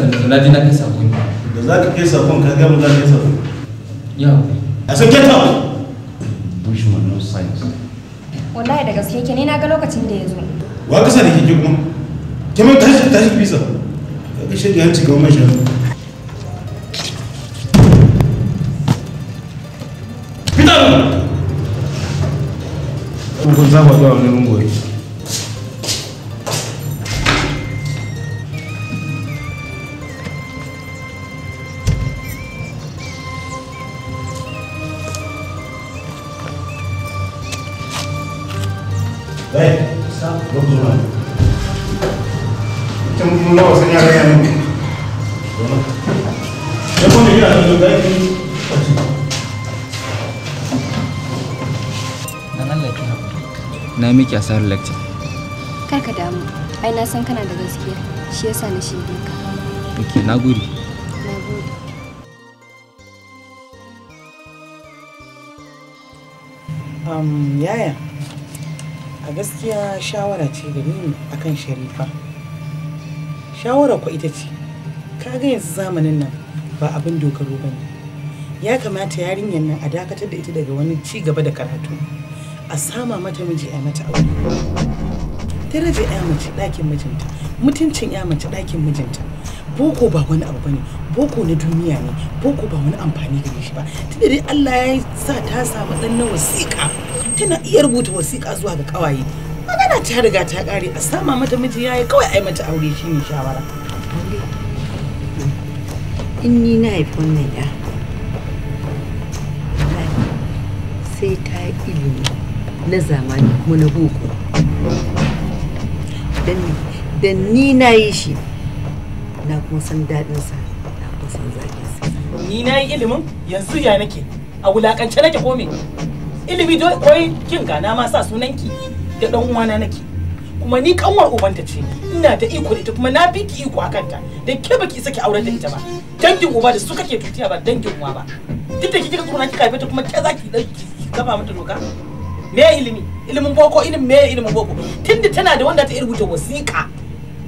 tunda na ji na kai sakon da za ka kisa sakon ka gama za ka kai ya a sun get bushman no science wallahi da gaske ke ne na ga lokacin da ya zo wa kasa da kike kuma ke mai tashi tashi pizza ka ga da yanci ga mai shafi Fitar! zaba zuwa wani ba wasan yara ya na miki asarar lecture kar damu ai na san kana da gaskiya shi yasa na shirye ka ok na gode na gode yaya a gaskiya shawara ce da ni akan sharifa shawarar ku ita ce ka ga yanzu zamanin nan ba abin dogaro ba ne ya kamata yarinyar nan a dakatar da ita daga wani ci gaba da karatu a sama mata miji a mata aure daraja ya mace ɗakin mijinta mutuncin ya mace ɗakin mijinta boko ba wani abu bane boko na duniya ne boko ba wani amfani gare shi ba tunda dai Allah ya sa ta samu ɗan na wasiƙa tana iya rubuta wasiƙa zuwa ga ƙawaye Yana ta riga ta kare a sama mata miji yayi kawai ai mata aure shine shawara in ni na haifi wannan ya sai ta ilimi na zamani kuma na boko da ni na yi shi na kuma san daɗinsa na kuma san sa ni na yi ilimin yanzu ya nake a wulakance nake ko me ilimi dole koyi kin ga na ma sa sunanki da dan uwana nake kuma ni kanwar ubanta ce ina da iko da ita kuma na biki iko a kanta da ke baki saki auren da ita ba dangin uba da su kake tutiya ba dangin uwa ba duk da kike tsoro kika haife ta kuma ke zaki dan kafa mata doka me ilimi ilimin boko ilimin me ilimin boko tunda tana da wanda ta rubuta wasiƙa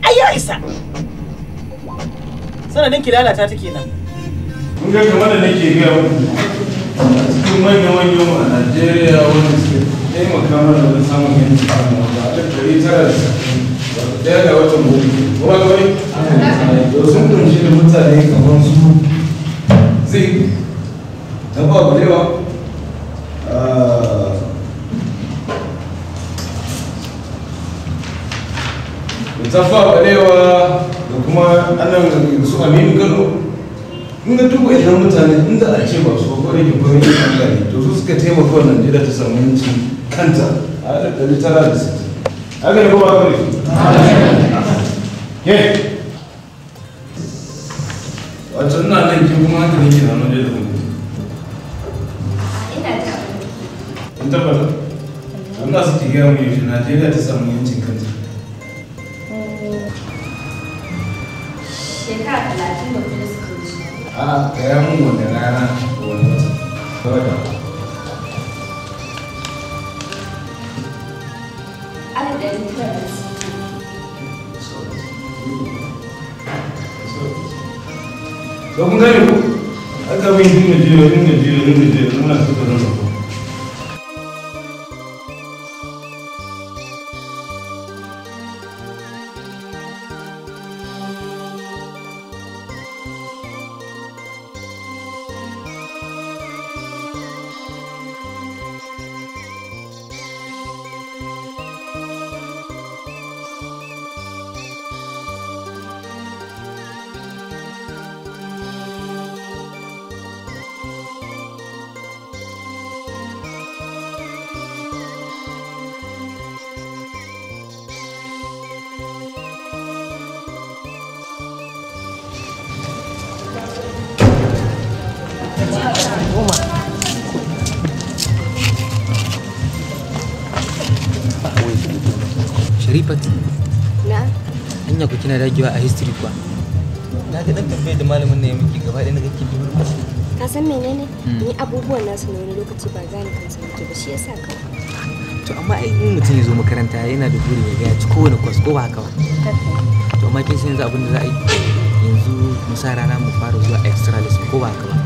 ai ya isa sanadin ki lalata ta nan. mun ga kamar da nake ga cikin manyan manyan a Najeriya wanda Nemo mana da samun yanci a da a tattari da ko ba to sun da mutane kamar su zai tabba gudewa tabba gudewa da kuma anan su aminu kano in duk wa'annan mutane inda a ce ba su kwarai da kwarai to su suka taimaka wannan jira ta samu yanci kanta da ɗari da sittin haka ne kuma kawai ke wato ina nan ke kuma haka ne ke na nuna da kuma in tabbata Allah su ke gaya mu yaushe Najeriya ta samu yancin kanta shekara talatin da kuma suka wuce a gaya mun wanda rana da wani wata Lokum tayo. Aka bin hinga jiyo, hinga jiyo, hinga jiyo, hinga jiyo, hinga jiyo, zamantakewa a history kuwa na ga dan tambayar da malamin ne ya miki gaba ɗaya na kake dubar mashi ka san menene hmm. ni abubuwan nasu ne wani lokaci ba kan san yake ba shi yasa kawai to amma ai in mutum ya zo makaranta yana da buri ya ga ci kowane kwas ko ba haka ba to amma kin san yanzu abin da za a yi yanzu musara na mu fara zuwa extra lesson ko ba haka ba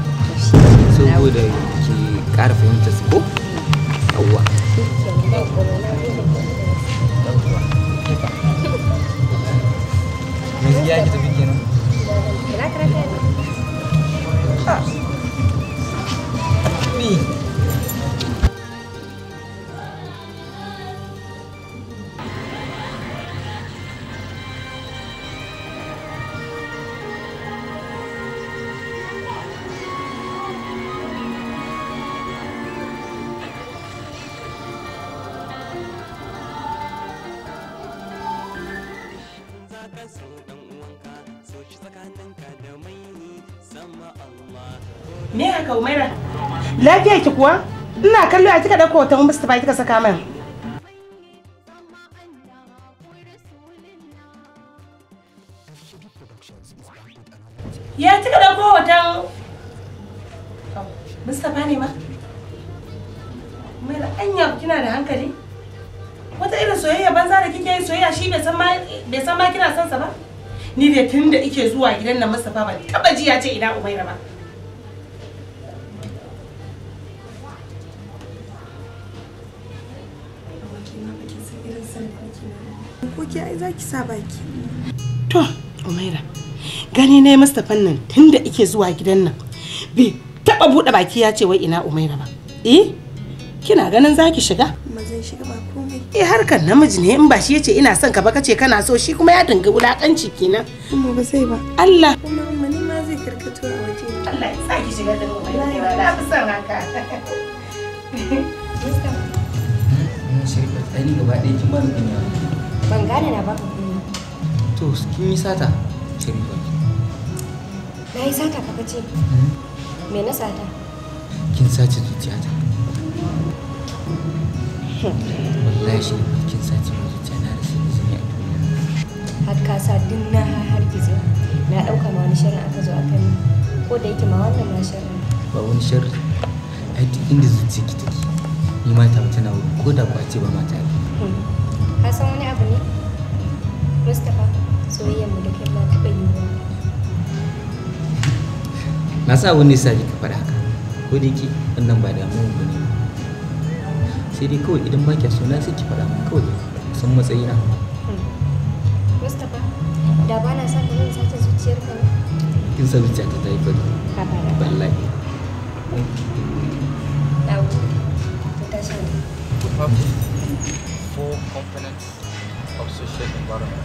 saboda ki ƙara fahimtar su ko hmm. yawwa ya gitu kuwa ina kallo a kika dauko hoton Mustapha kika saka min Ya kika dauko hoton Mustapha ne ma Mai anya kina da hankali Wata irin soyayya banza da kike yi soyayya shi bai san ma bai san ma kina son sa ba Ni dai tunda ike zuwa gidan nan Mustapha ban taba ji ya ce ina Umaira ba sa baki to umaira gani ne mustapha nan tunda ike zuwa gidan nan Bi taba bude baki ya ce wai ina umaira ba eh kina ganin zaki shiga ba zan shiga ba komai eh harkar namiji ne in ba shi yace ina son ka ba kace kana so shi kuma ya dinga wulakanci kenan kuma ba sai ba Allah kuma mun ma zai karkato a waje Allah ya sa ki shiga da umaira na fi son haka shirka tsani gaba ɗaya kin ba mu ban gane na ba to kin yi sata sharifa na yi sata ka ce hmm? me na sata kin sace zuciyata wallahi shi kin sace zuciya na da yi har ka sa na hargize na ɗauka ma wani shirin aka zo aka ko da yake ma wannan ma shirin ba wani shirin ai duk inda zuciya ki take ni ma ta tana ko da ce ba mata hmm. ka san wani abu ne na sa wani sa ka faɗa haka ko da yake wannan ba damuwa ba ne sai dai kawai idan ba kya so na sai ki faɗa min kawai san matsayi na hmm. da ba na sa ka zan sace zuciyar ka kin sa zuciya ta ta yi fari wallahi Four components of social environment.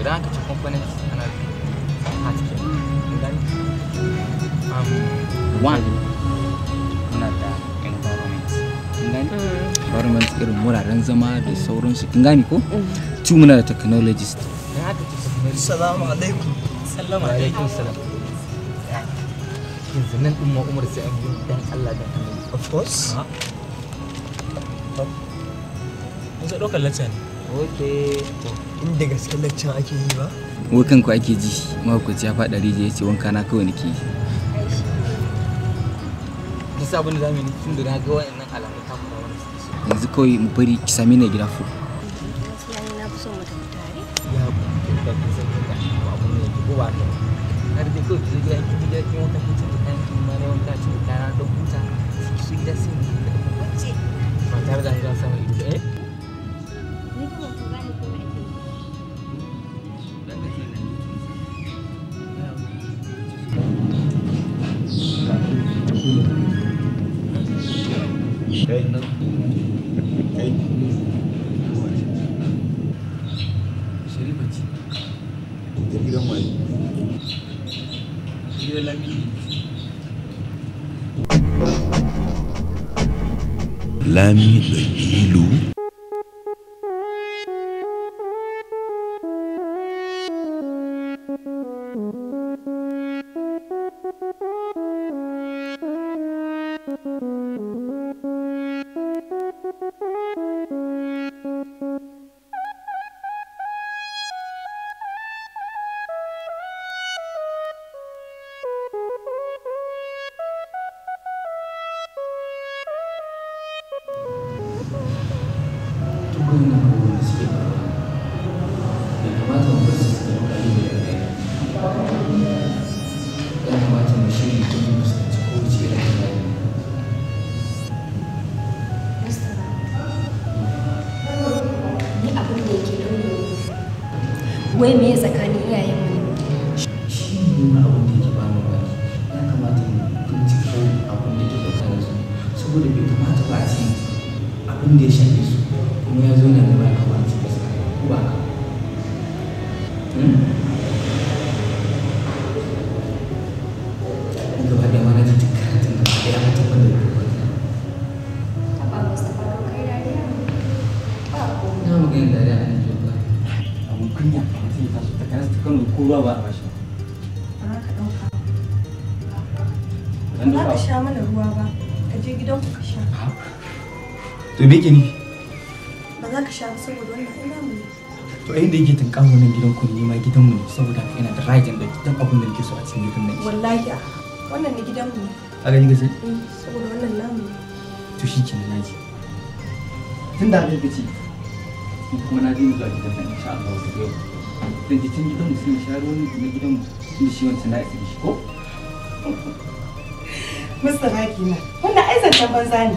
Idan aka ci components ana biyu, heart care, one muna da environment kin hmm. environment irin wuraren zama da hmm. sauransu kin gani ko hmm. two muna da technologist assalamu alaikum assalamu alaikum salam yanzu nan din ma umar sai an biyo dan Allah da of course ah. mun sai ɗaukar lacca ne okay inda gaske lacca ake yi ba wakan ku ake ji mahaukaci ya faɗa rijiya ya ce wanka na kawai nake yi yanzu abin da zamu yi tun da na ga wa'annan alamun takura wani yanzu kawai mu bari ki same ni gida fu waɗannan abubuwan da suke ya wai me ya me ke ba za ka sha ba saboda wannan ina namu ne to inda yake tunkan wannan gidan ku ne ma gidan mu ne saboda haka yana da rajin da gidan abun da nake so a cikin gidan nan wallahi a ah, wannan ne gidan mu ne a gani gaje eh, saboda wannan namu To to shikenan naji da haka kace kuma na dinga zuwa gidan nan insha Allah da yau dan tun gidan mu sai sharo ne na gidan mu tunda shi wancan na isa shi ko Mr. Hakima, wannan aizan banza ne.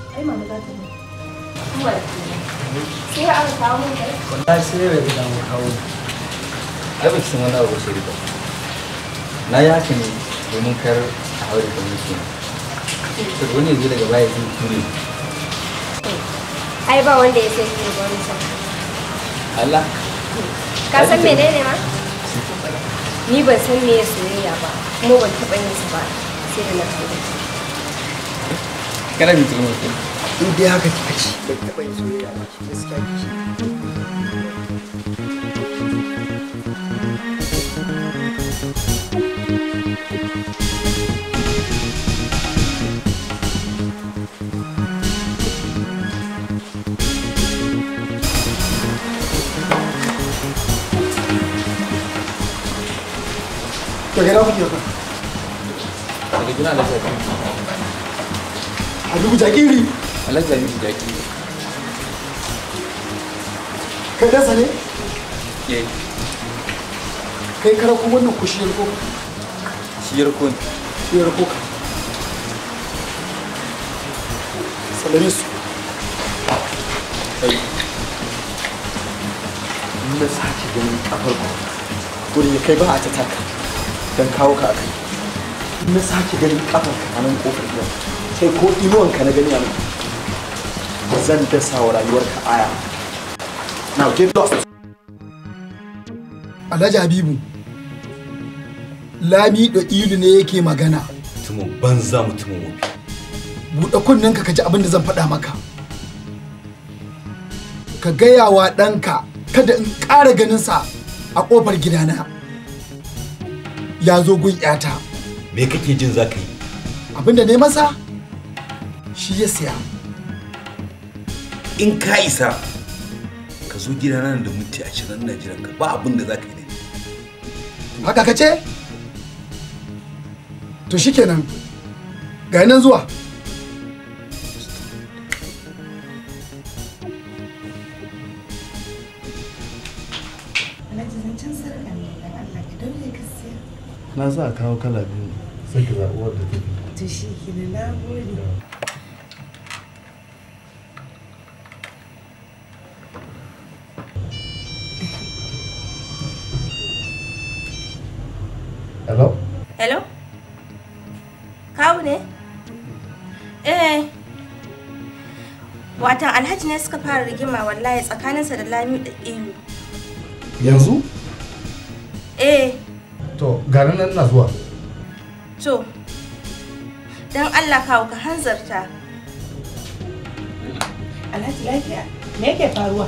ai mama za ta mutu zuwa sai aka kawo mun kai wallahi sai ya ga kawo ba san wani abu sai ba na yi ne domin kar a haure da daga baya ture ai ba wanda ya sai ne ba Allah ka san menene ma ni ban san me soyayya ba kuma ban taɓa yin su ba sai da na tsoron Cara mitin mutum. In d a haka kika c a i taɓa n soyayya ba, a s i y a kike. p o u lo que yo. Porque tú no lo s a b e Habibu Jakiri. Alhaji Habibu Jakiri. Kai ɗansa ne? Eh. Kai kara ku wannan ku shiyar ko? Shiyar ko ne. Shiyar ko ka. Salame su. Kai. Na sake ganin kafar ku. Gurin ya kai ba a ta taka. Don kawo ka a kai. Na sake ganin kafar ka a nan kofar gidan. kai ko inuwanka na gani a nan zan dasa wa rayuwarka aya now get lost alhaji habibu lami da ilu ne yake magana mutumin banza mutumin wofi buɗe kunnen ka ji abin da zan faɗa maka ka gaya wa ɗanka kada in ƙara ganinsa a ƙofar gidana ya zo gun 'yata me kake jin za ka yi abin da ne masa shi ya siya in ka isa ka zo gida nan da minti a cikin Najeriya, ka ba abin da za ka yi ne haka ka ce to shikenan ga nan zuwa na za a kawo kala biyu sai ka zaɓi wadda ta fi to shi ke na gode Watan alhaji ne suka fara rigima wallahi tsakaninsa da lami da iyu yanzu eh to garin nan na zuwa to don allah kawo ka hanzarta alhaji lafiya me yake faruwa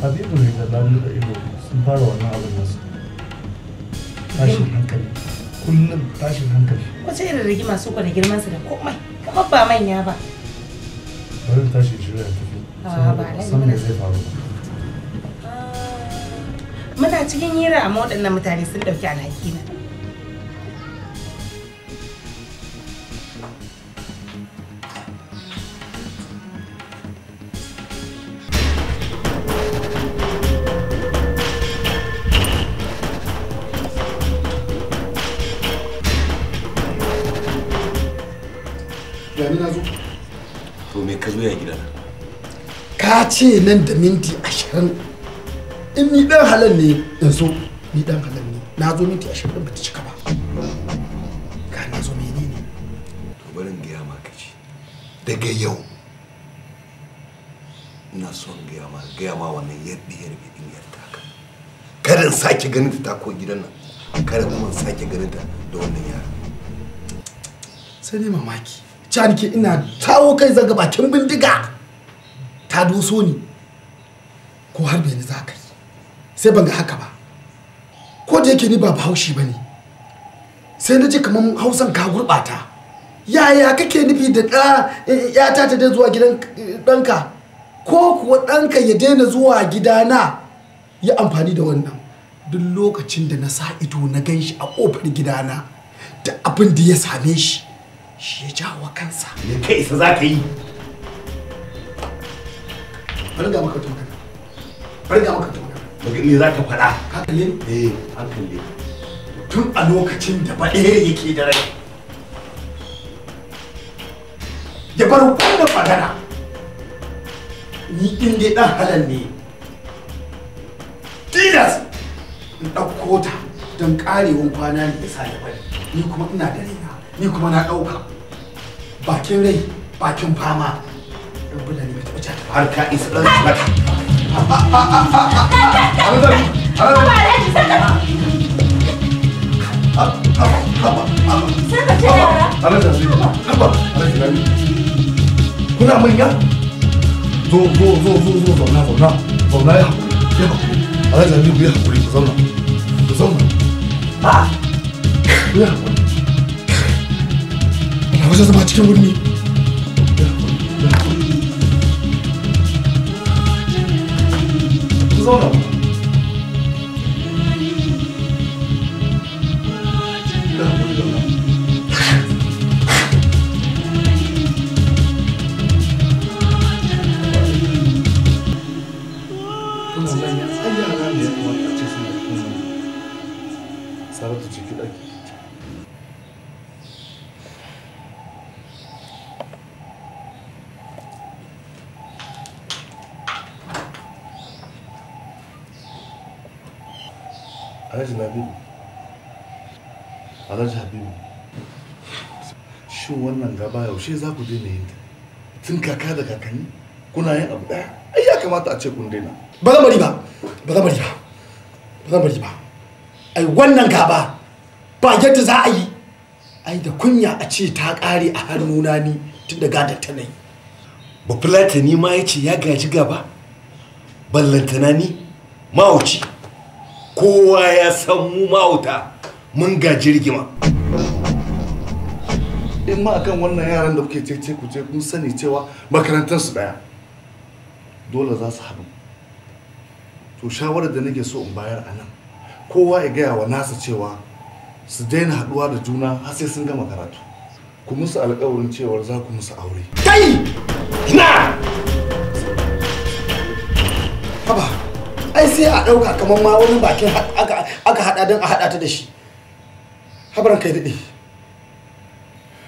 habibu ne da lami da iyu sun fara wannan abin nasu tashin hankali kullum tashin hankali wace irin rigima su da girman da komai kamar ba manya ba zan tashi shirya tafi faru muna cikin hira amma waɗannan mutane sun ɗauki alhaki na ce nan da minti ashirin in ni dan halal ne in zo ni dan halal ne na zo minti ashirin ba ta cika ba ka na zo mene ne to barin gaya ma ka ci daga yau ina son gaya ma gaya ma wannan yadda ya rabe din yarda ka karin sake ganin ta ko gidan nan karin kuma sake ganin ta da wannan yara sai dai mamaki can ina tawo kai zaga bakin bindiga ta doso ni ko harbe ni za ka yi sai ban ga haka ba ko da yake ni ba bahaushe ba ne sai na ji kamar hausan ka gurɓata yaya kake nufi da ɗa yata ta da zuwa gidan eh, ɗanka ko kuwa ɗanka ya daina zuwa gidana ya amfani da wannan duk lokacin da na sa ido na gan shi a ƙofar gidana da abin da ya same shi shi ya jawo kansa kai isa za ka yi bari ga maka magana bari ga maka magana daga ni za ka faɗa ka kalle eh an tun a lokacin da baɗe yake da rai ya bar wannan magana ni in dai ɗan halal ne tilas in ɗauko ta don ƙarewan kwana ne ya sa ya bari ni kuma ina da raina ni kuma na ɗauka bakin rai bakin fama har ka isa ɗan salak. Kuna manya? Zo zo zo zo zo zauna zauna zauna ya haƙuri ya haƙuri. Alhaji Aliyu ku yi haƙuri ku zauna ku zauna. Ku yi haƙuri. Ina wajen zama cikin wurin ne. Sono. yaushe za ku daina yin ta tun kaka da kakanni kuna yin abu daya ai ya kamata a ce kun daina ba za bari ba ba za bari ba ba za bari ba ai wannan gaba ba yadda za a yi ai da kunya a ce ta kare a hannuna ni tun da gadar ta nai ba fulata ni ma ya ce ya gaji gaba ballantana ni mahauci kowa ya san mu mahauta mun gaji rigima in ma akan wannan yaran da kuke cece ku ce kun sani cewa makarantar su daya dole za su haɗu to shawarar da nake so in bayar a nan kowa ya gaya wa nasa cewa su daina haɗuwa da juna har sai sun gama karatu ku musu alƙawarin cewar za ku musu aure kai na haba ai sai a ɗauka kamar ma wani bakin aka haɗa don a haɗa ta da shi habaran kai daɗe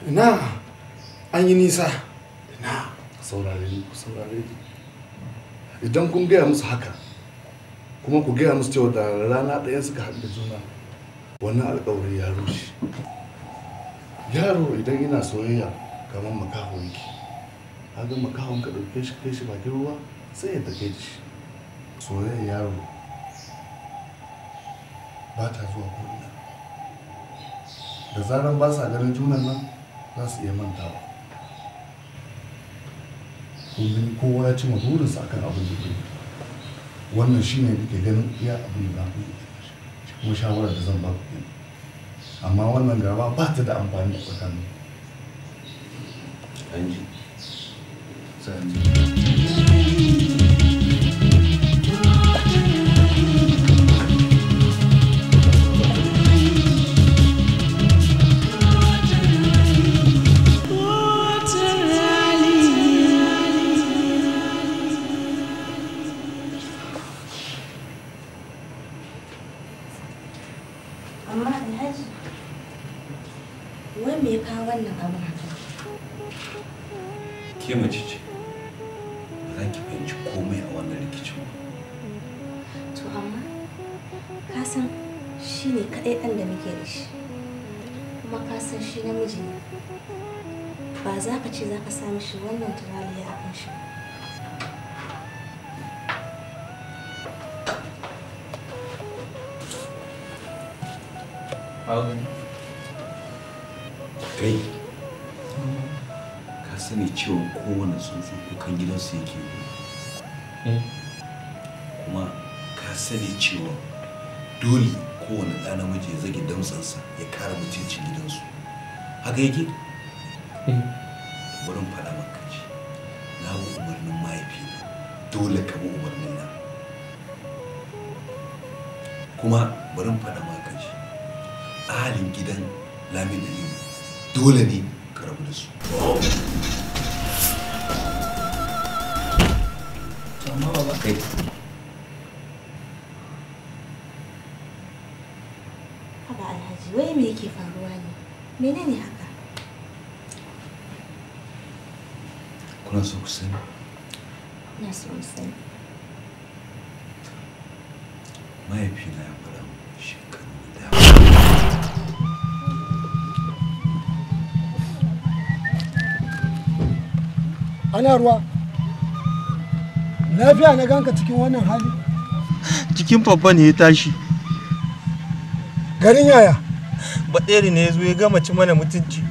ina an yi nisa ina saurare ni ku saurare idan kun gaya musu haka kuma ku gaya musu cewa da rana ɗaya suka haɗu da juna wannan alƙawari ya rushe yaro idan yana soyayya kamar makaho yake kaga makahon ka ɗauke shi kai shi bakin ruwa sai ya take shi soyayya yaro ba ta zuwa ko'ina da zaran ba sa ganin junan nan za su iya mantawa kun kowa ya cima burinsa akan abin da ke wannan shine kuke ganin iya abin da ku kuma shawarar da zan ba ku amma wannan gaba ba ta da amfani a tsakanin an ji haka eh. wurin faɗa maka ce na bi umarnin mahaifi dole ka bi umarnin nan kuma barin faɗa maka ce ahalin gidan lamin dole ne ruwa lafiya na ganka cikin wannan hali cikin babba ne ya tashi garin yaya baɗeri ne ya zo ya gama ci mana mutunci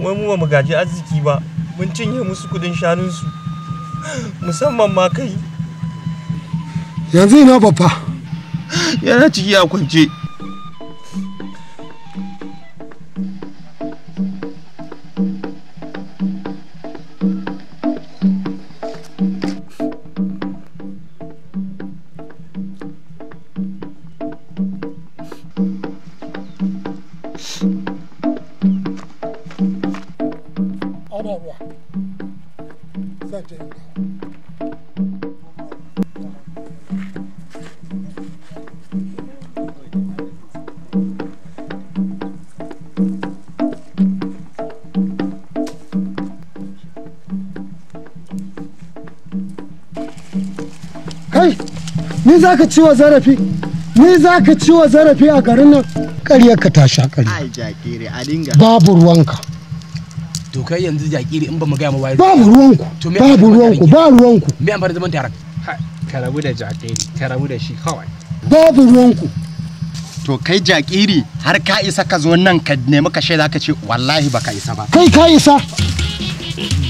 wai mu ba mu gaji arziki ba mun cinye musu kudin shanunsu musamman ma kai yanzu ina babba yana ciki a kwance za ka ciwo zarafi ni za ka ciwo zarafi a garin nan ƙaryar ka ta sha ƙarya babu ruwanka to kai yanzu jakiri in ba mu gaya ma wayar babu ruwanku babu ruwanku ba ruwanku me amfani zaman taron ka rabu da jakiri ka rabu da shi kawai babu ruwanku to kai jakiri har ka isa ka zo nan ka nemi ka shaida ka ce wallahi baka isa ba kai ka isa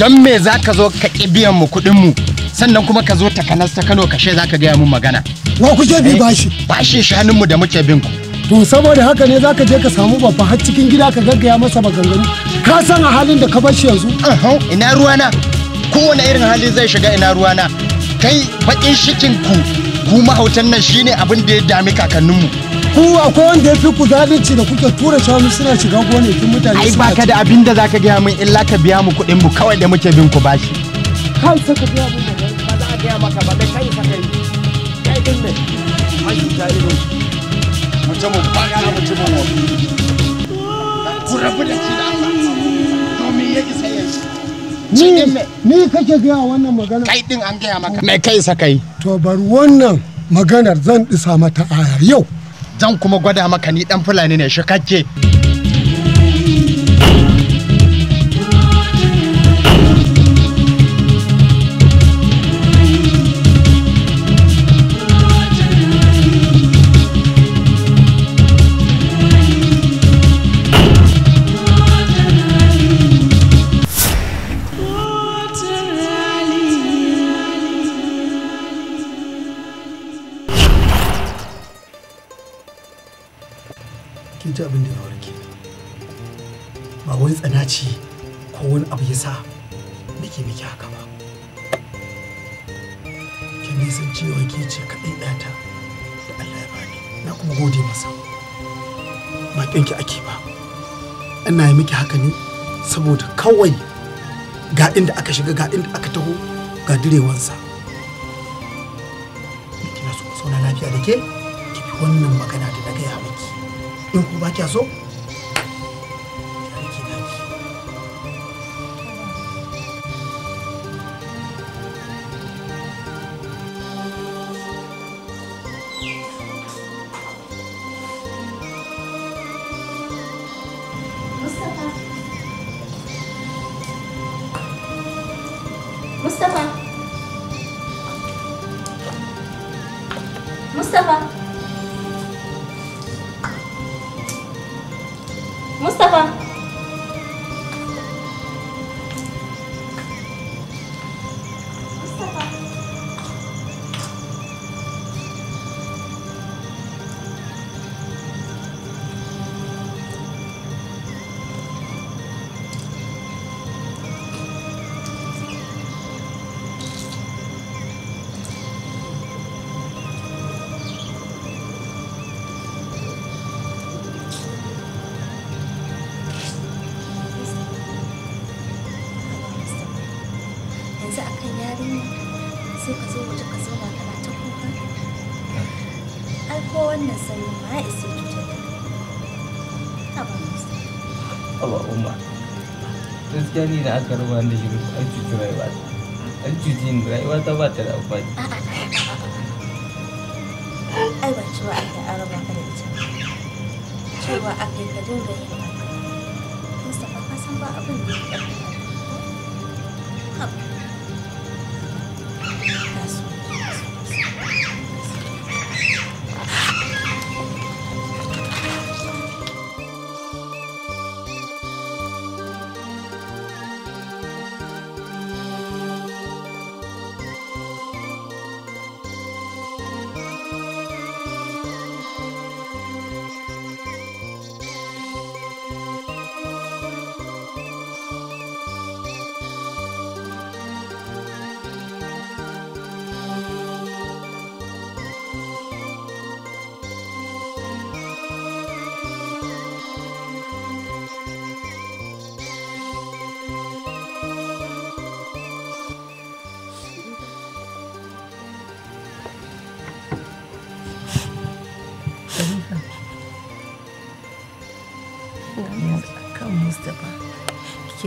dan me zaka zo ka ƙi mu kudin mu sannan kuma ka zo takanas ta Kano ka shaida ka gaya mun magana wa kuke bi bashi eh, bashi shanunmu da muke bin ku to saboda haka ne zaka je ka samu babba har cikin gida ka gaggaya masa maganganu ka san a halin da ka bar shi yanzu ina ruwana kowane irin hali zai shiga ina ruwana kai bakin shikin ku ku mahautan nan shine abin da ya dami kakanninmu ku akwai wanda ya fi ku zalunci da kuke tura shanu suna shiga kin mutane ai baka da abin da zaka gaya min illa ka biya mu kuɗin mu kawai da muke bin ku bashi kai saka biya mu ba za a gaya maka ba kai saka sha ido mutumin baga na mutumin wani ku rabu da shi da domin ya isa yanzu ni kake gaya wannan magana kai din an gaya maka mai kai sa kai to bar wannan maganar zan isa mata aya yau zan kuma gwada maka ni dan fulani ne shi kake haka ne saboda kawai ga inda aka shiga ga inda aka taho ga direwansa kina so ku sauna lafiya da ke ki fi wannan magana da na gaya miki in ku ba kya so jari da aka raba da shi an cuci rayuwa an cuci ni rayuwa ta ba ta da amfani ai ba aka ka da ita aka yi ka dinga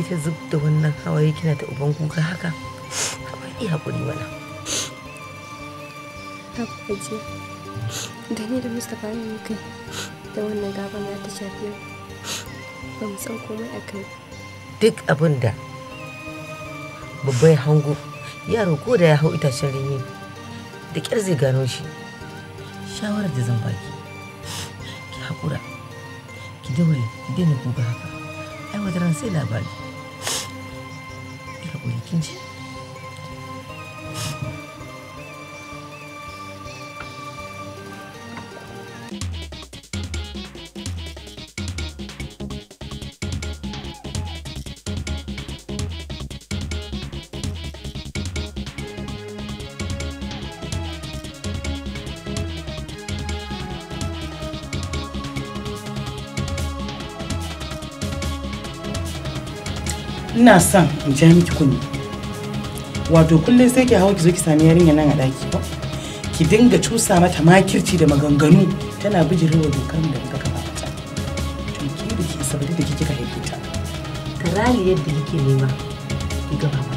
ita zub da wannan hawaye kina ta uban kuka haka ba iya hakuri mana tabbaci da ni da mustapha ne kai da wannan gaba na ta shafe ba mu san komai a kai duk abin da babba ya hango yaro ko da ya hau itacen rini da ƙyar zai gano shi shawarar da zan baki ki haƙura ki daure ki daina kuka haka ai wata ran sai labari seguinte. ina son me ja wato kullum sai ki hawa ki zo ki sami yarinya nan a daki ba ki dinga cusa mata makirci da maganganu tana bijirewa dokar da kika kafa mata to ki da ki sabbi da kika haife ta rali yadda kike nema ki gaba mata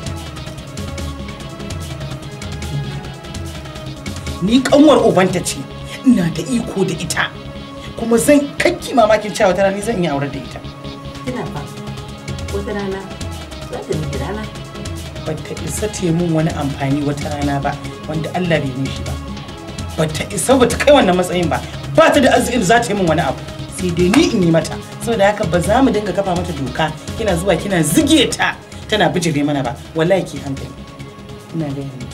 ni kanwar ubanta ce ina da iko da ita kuma zan kakki mamakin cewa tana ni zan yi aure da ita isa ta mun wani amfani wata rana ba wanda Allah bai mishi ba ta isa bata kai wannan matsayin ba ba ta da arzikin za ta yi min wani abu sai dai ni in yi mata saboda haka ba za mu dinga kafa mata doka kina zuwa kina zige ta tana bijire mana ba wallahi ki hankali ina ga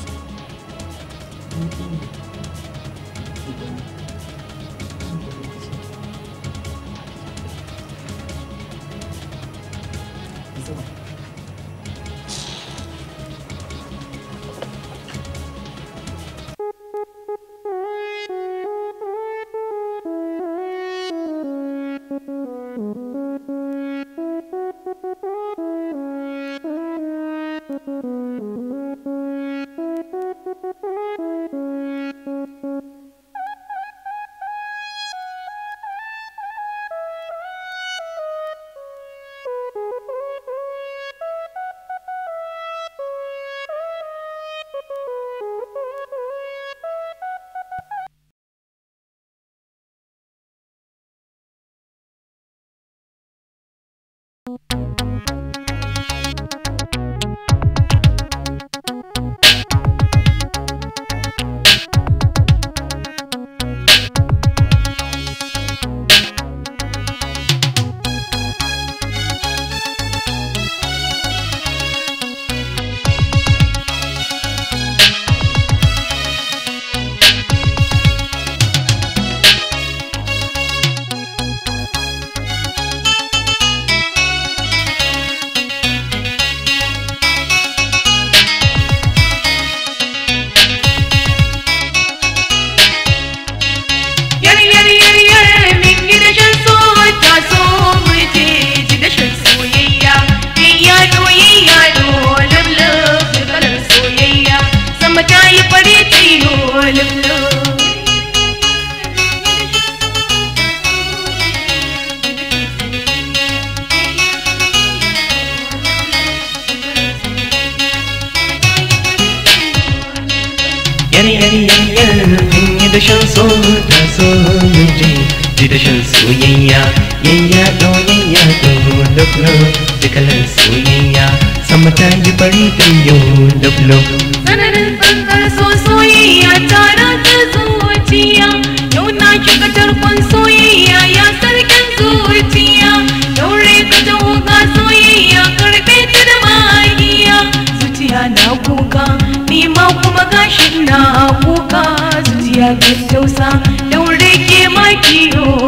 soyayya ta rata zuciya yau na shiga tarkon soyayya ya sarki zuciya daure ka ta soyayya karbe ta da zuciya na kuka ni ma kuma gashin na kuka zuciya ta tausa daure ke makiyo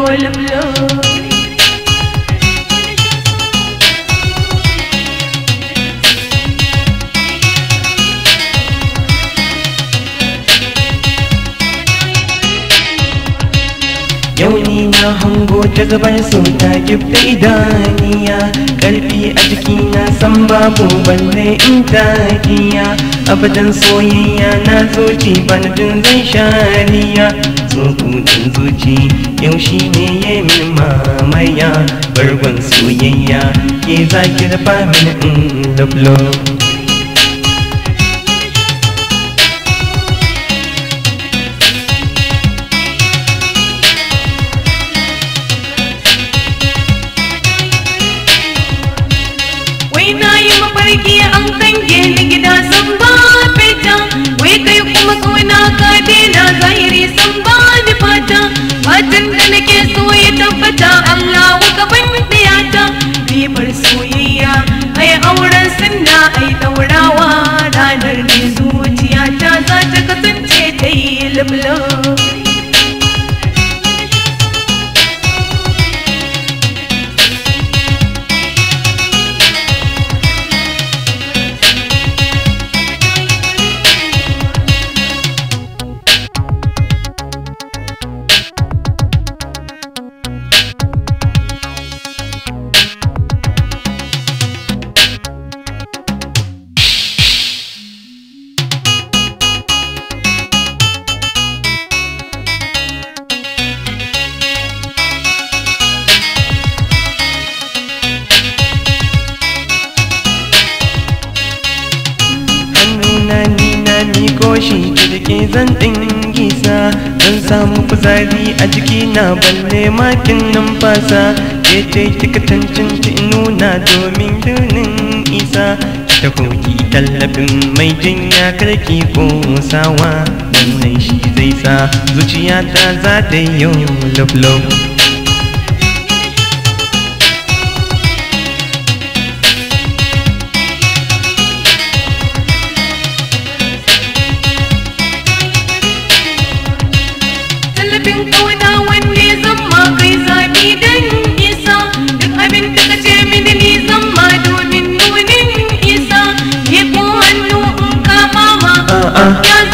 ta zubar so ta gifta idaniya ƙarfi a na san babu balle in takiya abadan soyayya na zoci bana jin zan shariya tsokutun zuci yau shi ne ya min mamaya bargon soyayya ke za ki min in tallafin mai jinya karki ko kosawa wannan shi zai sa zuciya ta za ta yi yau uh, uh.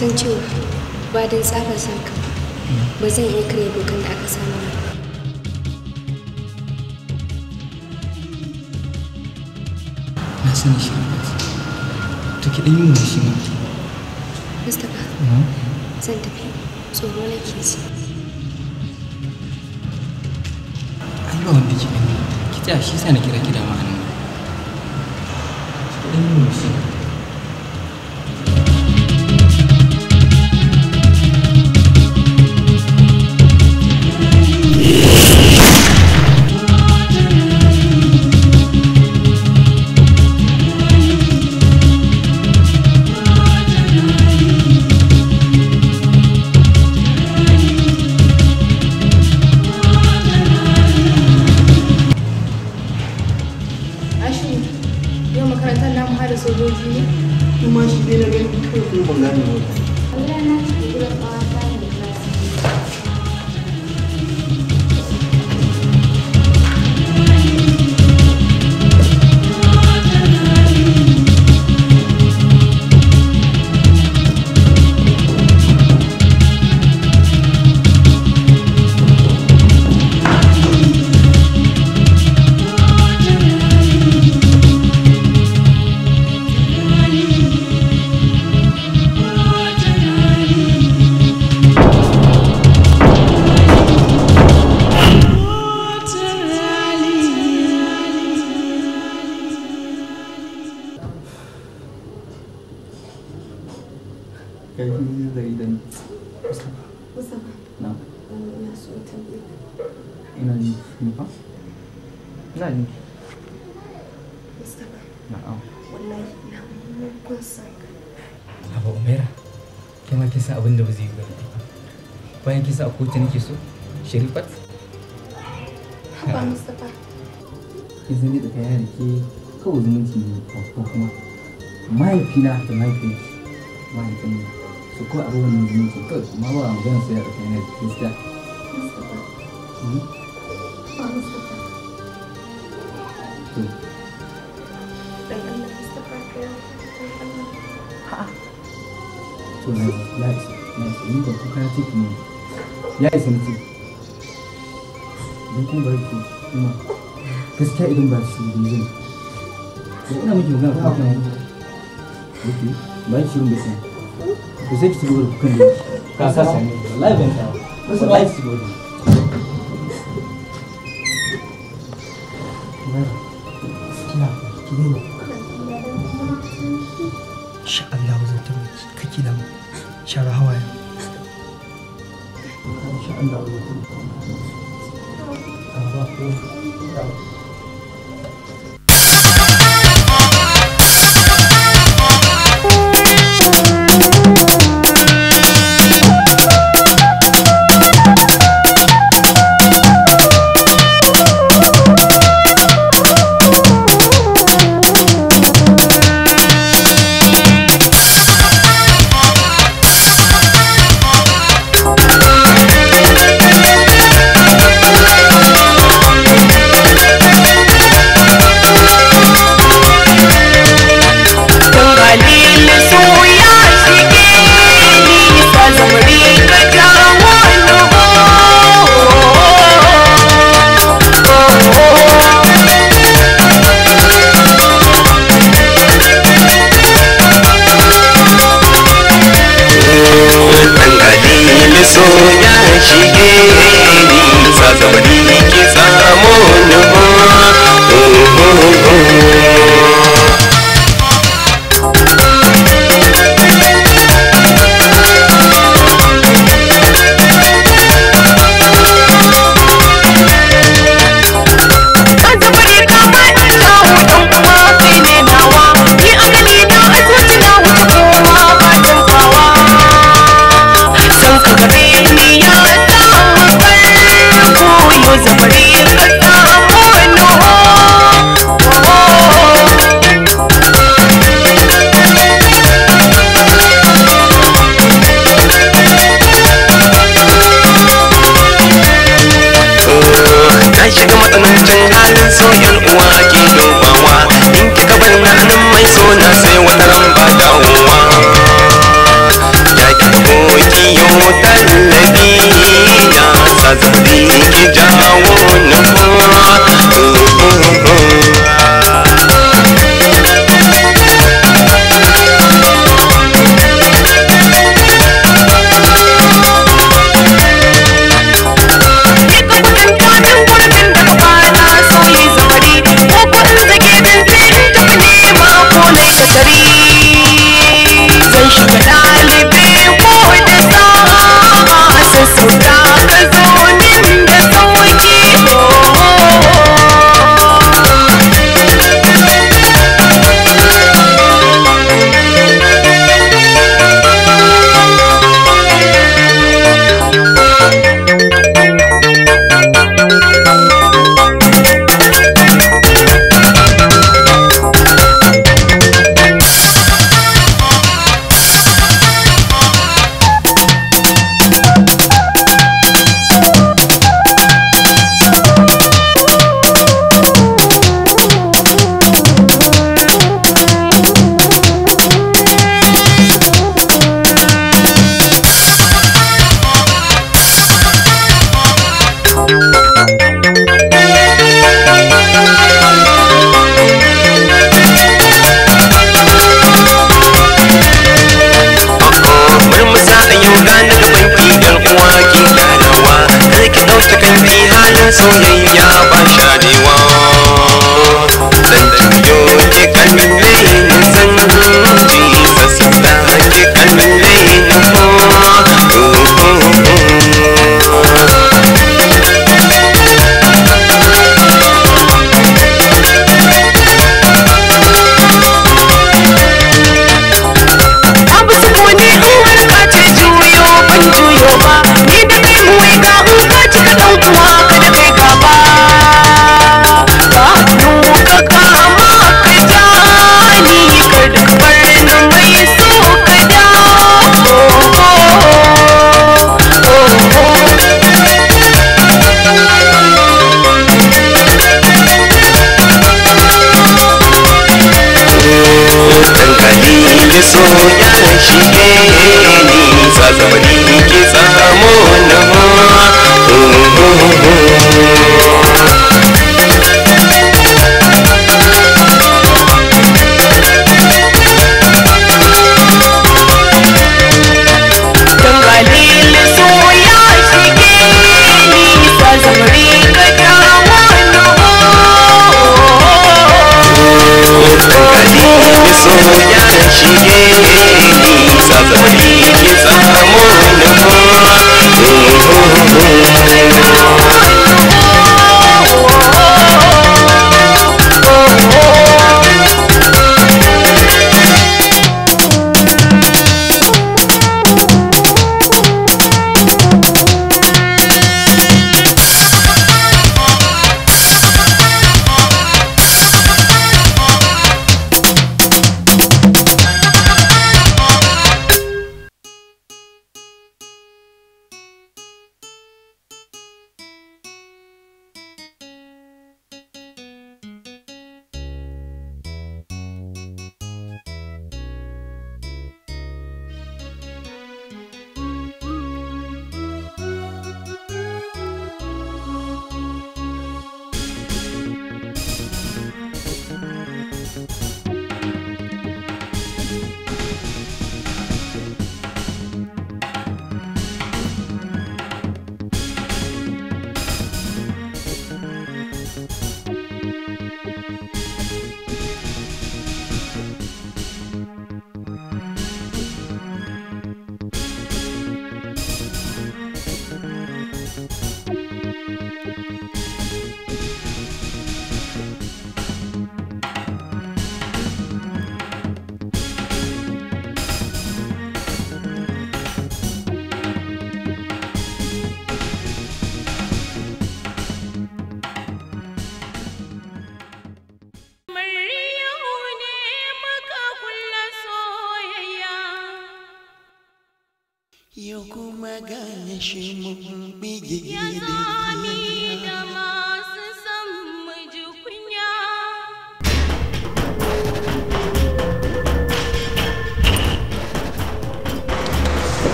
san cewa ba don tsara san ba zan iya kare dokan da aka samu aujourd'hui pour manger de la même chose. Nous avons gagné. Nous wacce nake so da kaya da ke kawai zumunci ne ko kuma mahaifina da mahaifinki zumunci kawai ba magana sai ya ya isa nake don kuma bari ku kuma gaskiya idan ba su yi zai ko ina miki magana ko kuma yake ba shi yin bisa. ko sai ki ci da kukan da ka sa sani wallahi ban ta wasu ba ki ci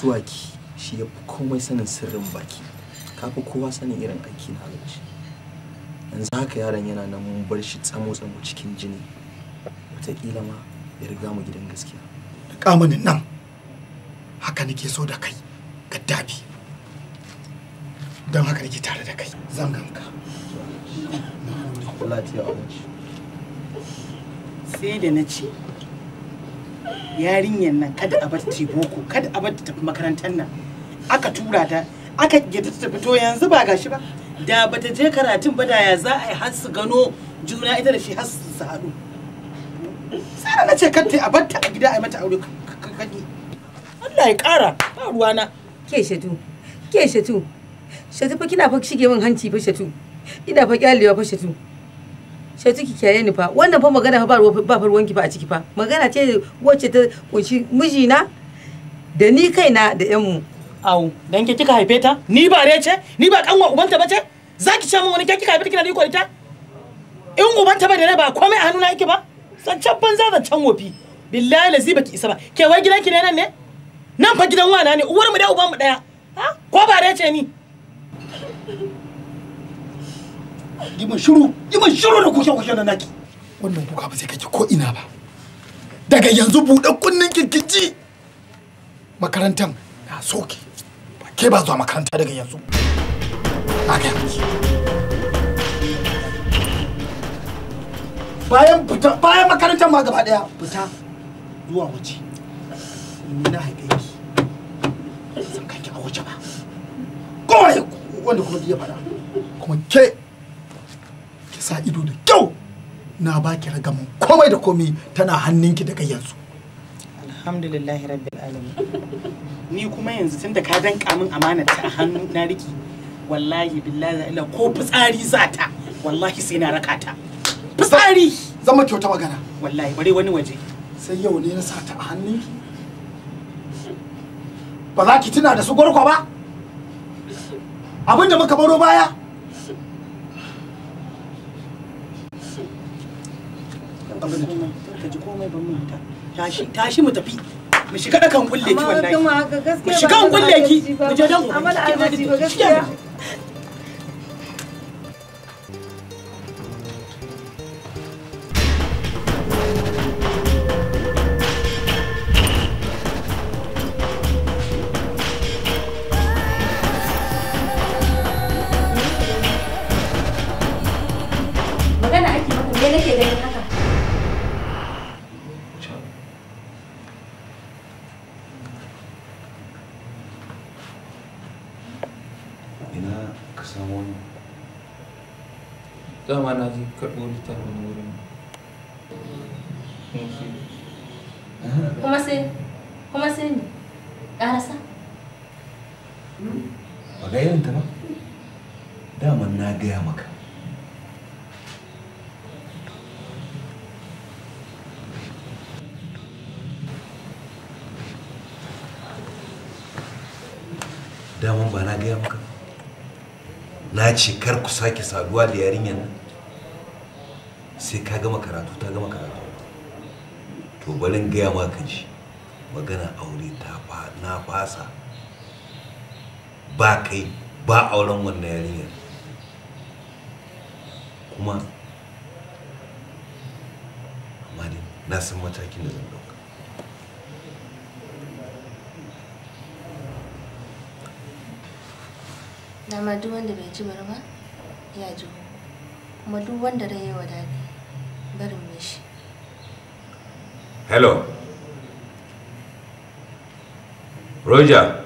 suwaki shi ya fi komai sanin sirrin baki kafi kowa sanin irin aiki halarci yanzu haka yaron yana nan mun bar shi tsamo-tsamo cikin jini wataƙila ma ya riga mu gidan gaskiya kamanin nan haka nake so da kai gaddafi don haka nake tare da kai zan ganka sai da na ce yarinyar nan kada a bar ta boko kada a bar ta tafi makarantar nan aka tura ta aka gida ta fito yanzu ba gashi ba da ta je karatun ba da ya za a yi har su gano juna ita da shi har su haɗu sai na ce kanta a bar ta a gida a yi mata aure kake Allah ya kara ba ruwana ke shatu ke shatu shatu fa kina fa shige min hanci fa shatu ina fa kyalewa fa shatu sai ki kiyaye ni fa wannan fa magana fa ba ruwan ki fa a ciki fa magana ce wacce ta kunshi mijina da ni kaina da yan mu au dan ke kika haife ta ni ba re ce ni ba kanwa ubanta ba ce zaki ce min wani ke kika haife ta kina da iko ita in ubanta ba da ne ba komai a hannuna yake ba san zancen banza can wofi billahi lazi baki isa ba ke wai gidanki ne nan ne nan fa gidan wana ne uwar mu da uban mu daya ha ko ba re ce ni yi min shiru yi min shiru da kushe kushe na naki wannan kuka ba zai ko ina ba daga yanzu buɗe kunnin kirkici makarantan na soke ba ke ba zuwa makaranta daga yanzu na bayan fita bayan makarantar ma gaba daya fita zuwa waje ni na haife ki san kanki a waje ba kawai wanda kuma ya faɗa kuma ke ki sa ido da kyau na baki ragaman komai da komai tana hannunki daga yanzu alhamdulillahi rabbil alamin ni kuma yanzu tun da ka danka min amana ta hannu na riki wallahi billahi illa ko fitsari za ta wallahi sai na raka ta fitsari zama kyauta magana wallahi bare wani waje sai yau ne na sa ta a hannunki ba za ki tuna da su gorko ba abinda muka baro baya ka ji komai ban ta tashi tashi mu tafi mu shiga dakan kulle ki wallahi mu shiga kulle ki mu je dan gobe amma da ba gaskiya ina ka samu wani dama na ji karɓo littafin wurin kuma sai kuma sai ne ƙarasa ce kar ku sake saduwa da yarinyar nan sai ka gama karatu ta gama karatu to barin gaya ma ka ji magana aure ta na fasa ba kai ba auren wannan yarinyar kuma amma na san matakin da zan ɗauka dama duk wanda bai ji bari ba ya ji kuma duk wanda rai wa wadani barin mishi hello roger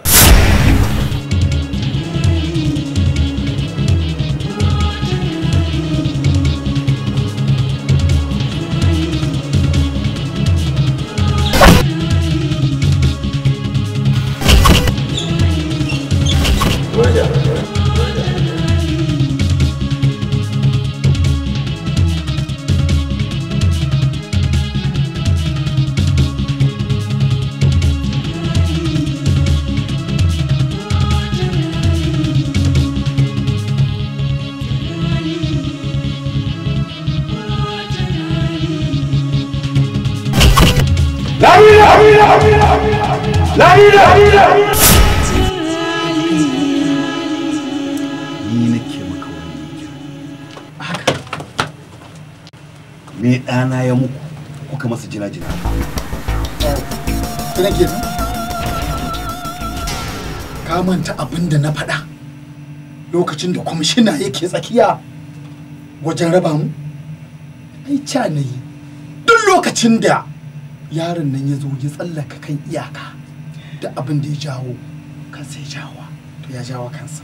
ke tsakiya wajen raba mu ai ca na yi duk lokacin da yaron nan ya zo ya tsallaka kan iyaka da abin da ya jawo kansa ya jawa to ya jawa kansa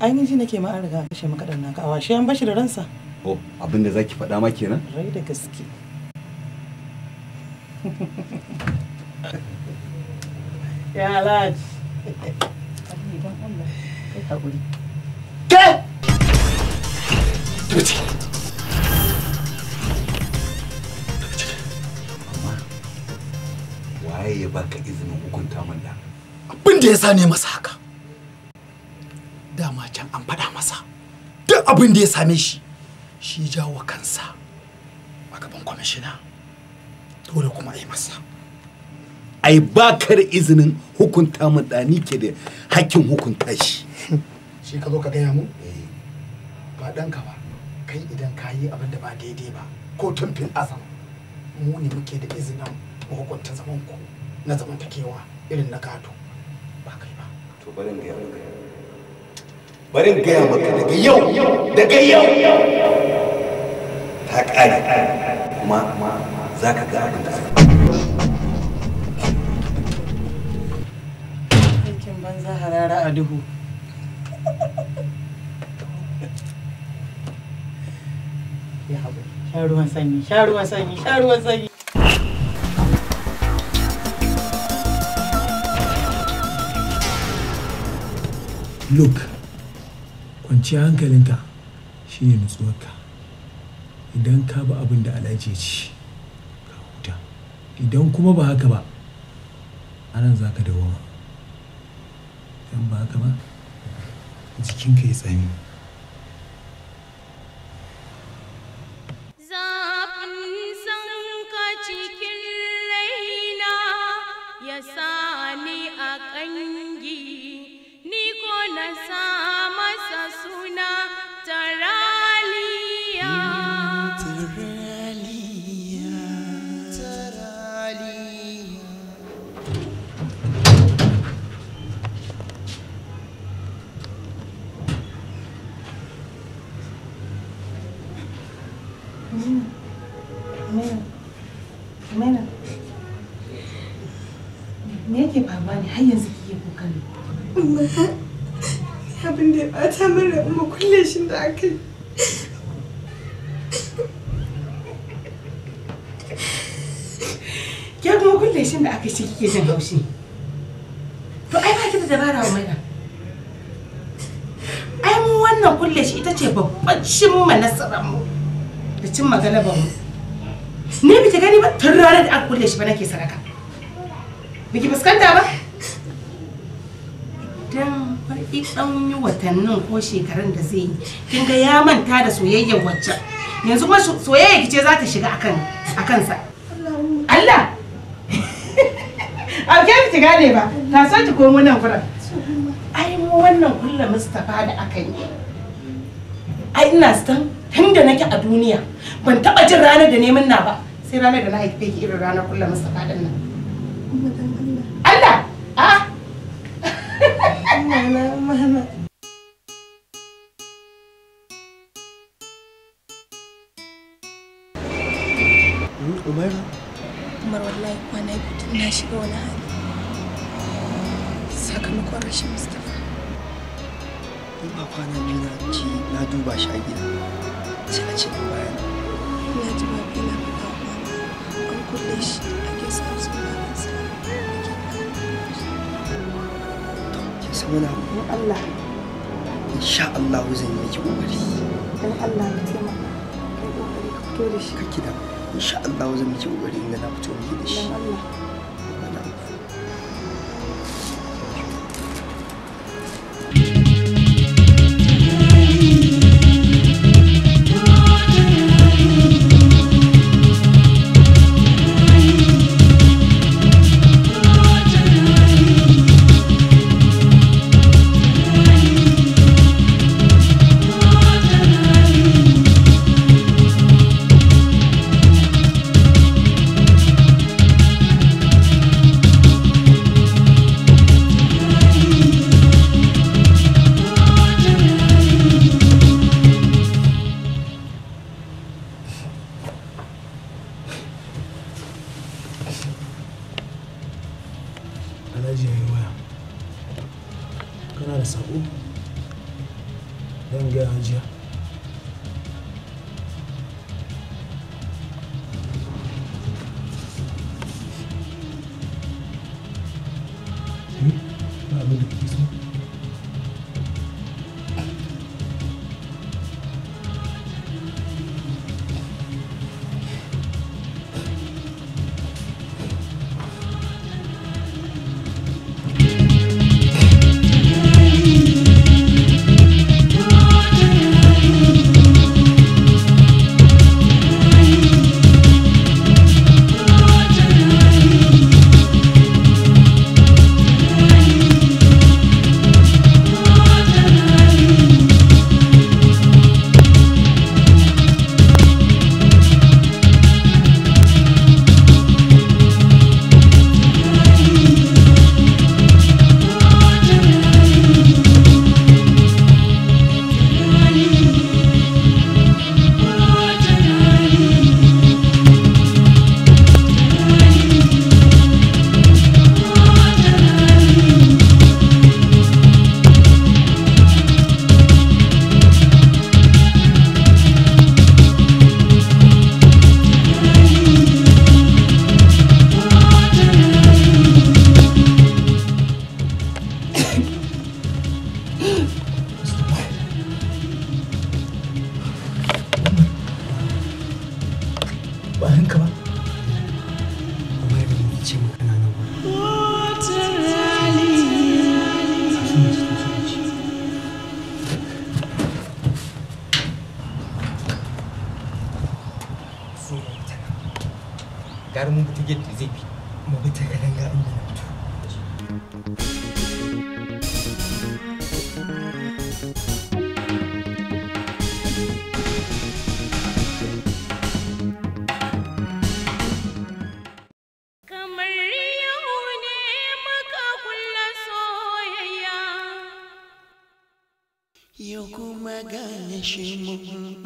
ainihin shi nake ma an riga kashe makaɗan naka a washe an bashi da ransa oh abin da zaki faɗa ma kenan rai da gaske ya alhaji kai haƙuri ke tuci amma waye ya baka izinin hukunta min da abin da ya sa ne masa haka dama can an faɗa masa duk abin da ya same shi shi jawo kansa a gaban kwamishina dole kuma a yi masa ai bakar izinin hukunta mu da ni ke da hakkin hukunta shi sai ka zo ka gaya mu eh. ba ɗanka ba kai idan ka yi abin da ba daidai ba ko tun fil azam mu ne muke da izinin mahukunta zaman ku na zamantakewa irin na gado ba kai ba to barin gaya maka bari gaya maka daga yau daga yau ta ƙare ma za ka ga abin da banza harara a duhu sha ruwan sanyi sha ruwan sanyi sanyi kwanciyar hankalinka shine nutsuwarka idan ka ba abin da alaji ci ka huta idan kuma ba haka ba anan za ka dawo ba ba haka ba 你真可以在 Kimena, me yake faruwa ne har yanzu kike kukan ne? Abin da ya bata mara umma kulle shi da aka yi. Ke kuma kulle shi da aka yi ke jin haushi. To ai ba ki da dabara wa mana. Ai mu wannan kulle shi ita ce babban cimma nasararmu da cimma galabarmu. ne bi ta gani ba tun ranar da aka kulle shi ba nake sadaka biki fuskanta ba idan farki dan yi watannin ko shekarun da zai yi kin ga ya manta da soyayyar wacce yanzu kuma soyayya kice za ta shiga akan akan sa Allah a ke ki gane ba ta san ki komo nan gurin ai mu wannan kulla Mustafa da aka yi ai ina san tun da nake a duniya ban taba jin ranar da neman na ba sai ranar da na haife ki irin ranar kullum masa faɗin nan. Allah! Ah! Mama, mama. Umaru? Umar wallahi kwana biyu na shiga wani hali. Sakamakon rashin Mustapha. In a kwana biyu na ce na duba shi a gida. Sai a ce bayan. Na duba ba kulle shi ake sa abu Allah insha Allah zan yi miki kokari dan Allah ya kai kokari ka fito da shi kake da insha Allah zan miki kokari na fito miki da shi dan Allah alhaji ya yi waya kana da sako don gaya hajiya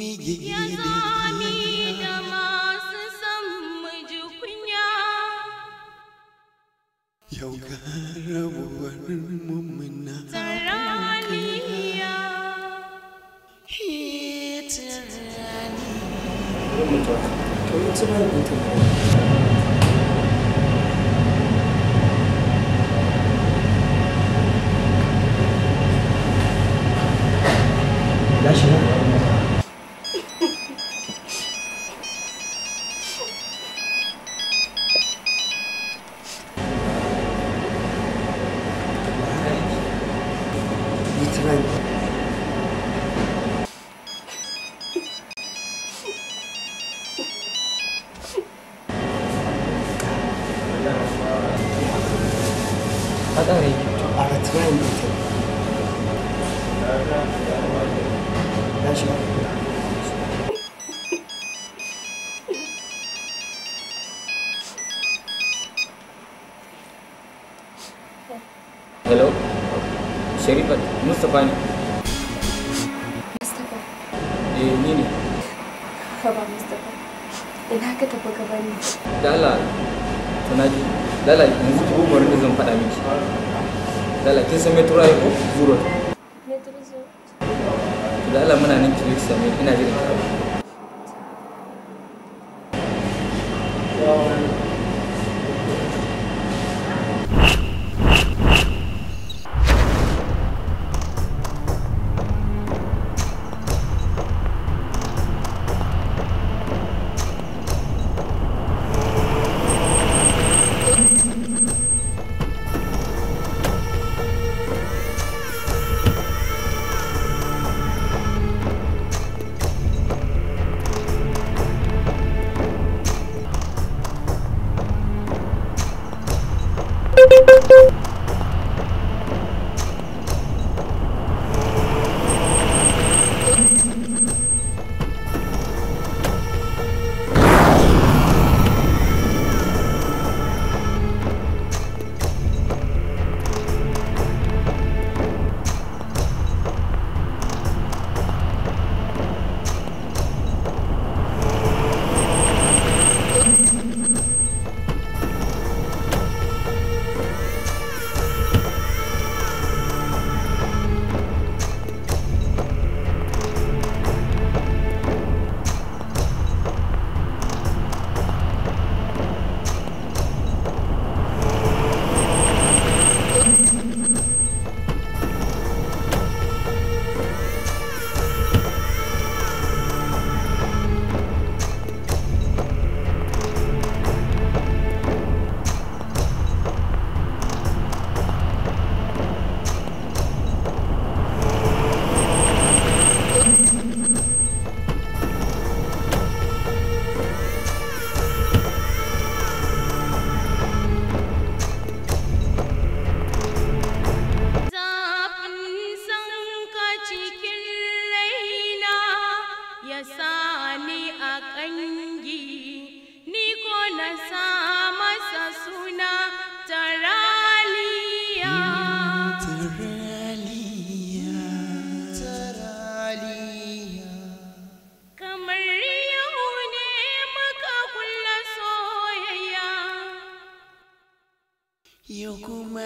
me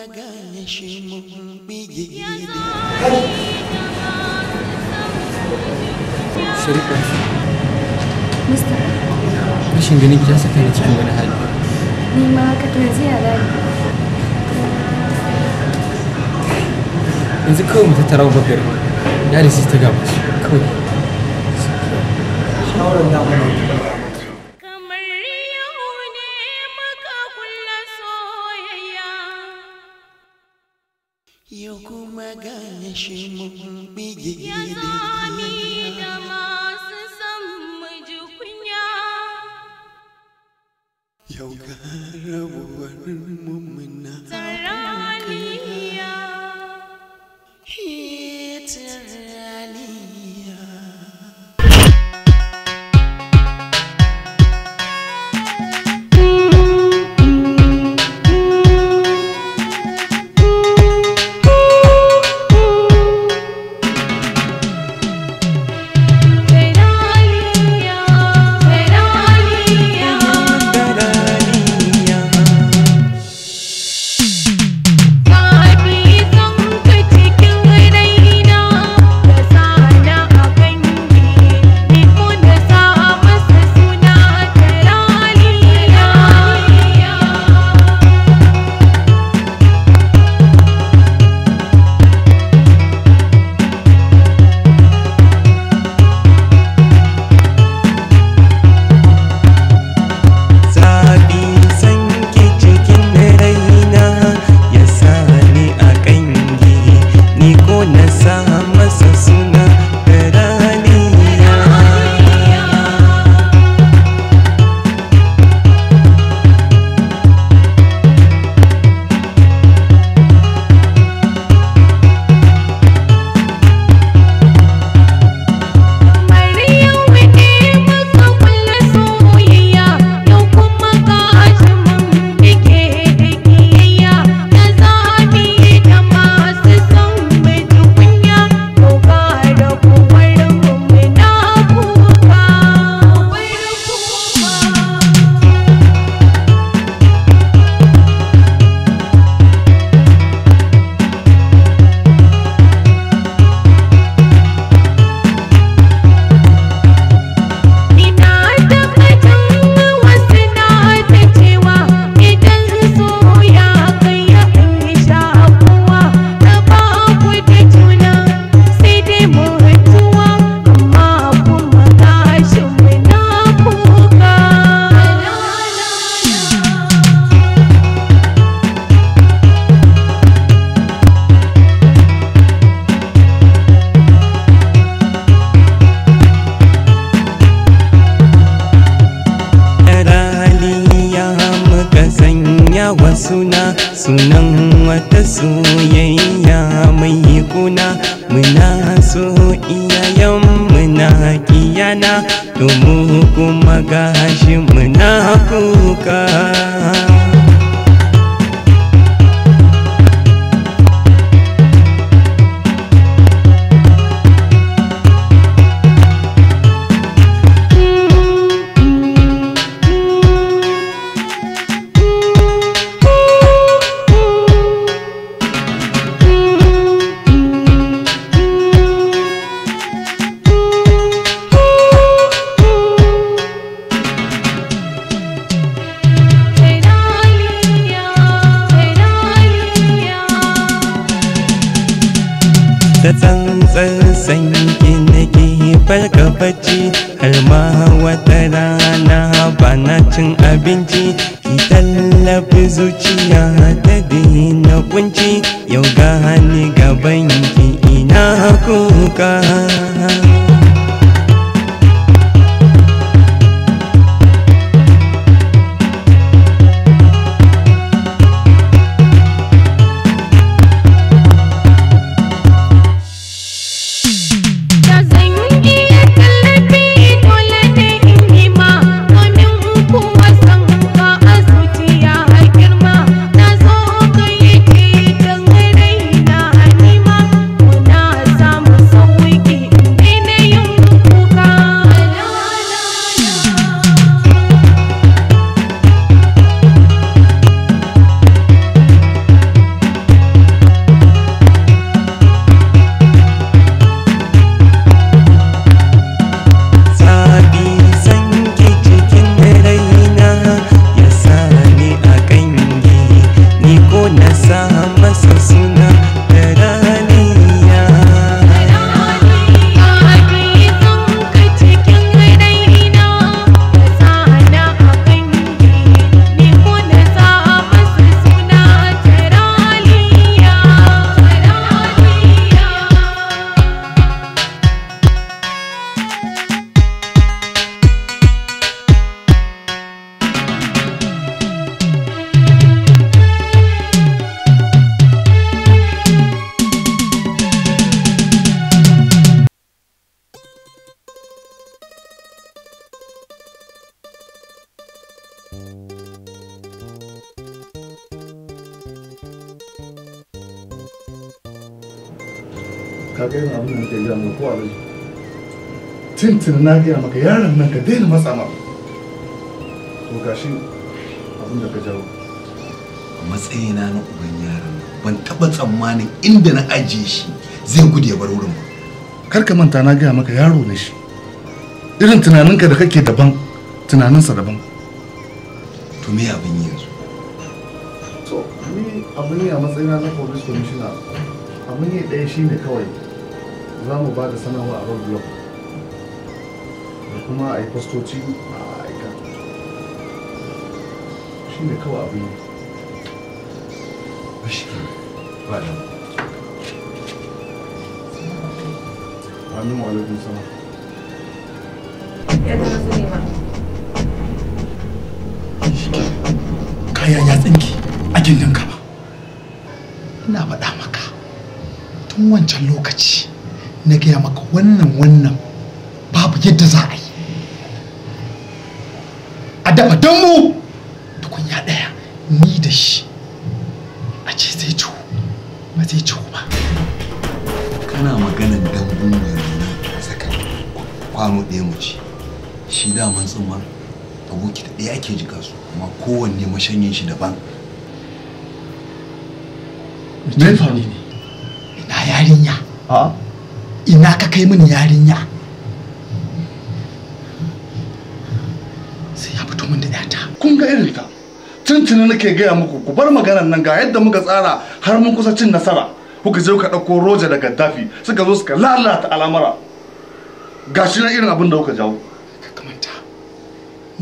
güneşim bir Şerif ben. Mustafa. Rishin ganin ki sa kana cikin wani hali. Ni ma haka tuna ziyara ne. Yanzu kawai mu tattara wa bakar. ka ga yana abin da nake gaya maka ko alaji tintin na gaya maka yaron nan ka daina matsa ma to ga shi abin da ka jawo a matsayina na uban yaron ban taɓa tsammanin inda na ajiye shi zai gudu ya bar wurin ba kar ka manta na gaya maka yaro ne shi irin tunaninka da kake daban tunaninsa daban to me abin yanzu to ni abin ya matsayina na police commissioner abin ne ɗaya ne kawai za mu ba da sanarwa a road block da kuma a yi fastoci a aika shi ne kawai abin yi shi ba da amin wa alaikun sama kayan ya tsinki a gindin ka ba ina faɗa maka tun wancan lokaci na gaya maka wannan wannan babu yadda za a yi a dafa dambu tukunya ɗaya ni da shi a ce zai ciwo ba zai ciwo ba kana maganan dambun mai nuna saka kwano ɗaya mu ci shi daman tsumma aboki da ɗaya ake jika su amma kowanne mashanyin shi daban me ne ina yarinya a'a kai min yarinya sai ya fito min da yata kun ga irin ta tuntuni nake gaya muku ku bar maganar nan ga yadda muka tsara har mun kusa cin nasara kuka je ka ɗauko roja da gaddafi suka zo suka lalata al'amara gashi na irin abin da kuka jawo ka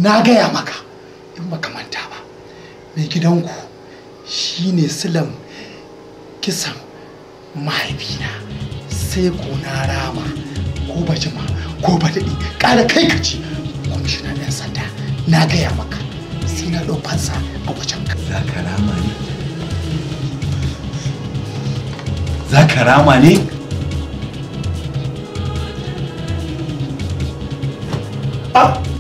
na gaya maka in ba kamanta ba mai gidanku shine silam kisan mahaifina sai ko na rama ko ba ma, ko ba daɗi ƙara kai ka ci kwamishinan 'yan sanda na gaya maka sai na ɗaukansa fansa a wajen ka za ka rama ne za ka rama ne ah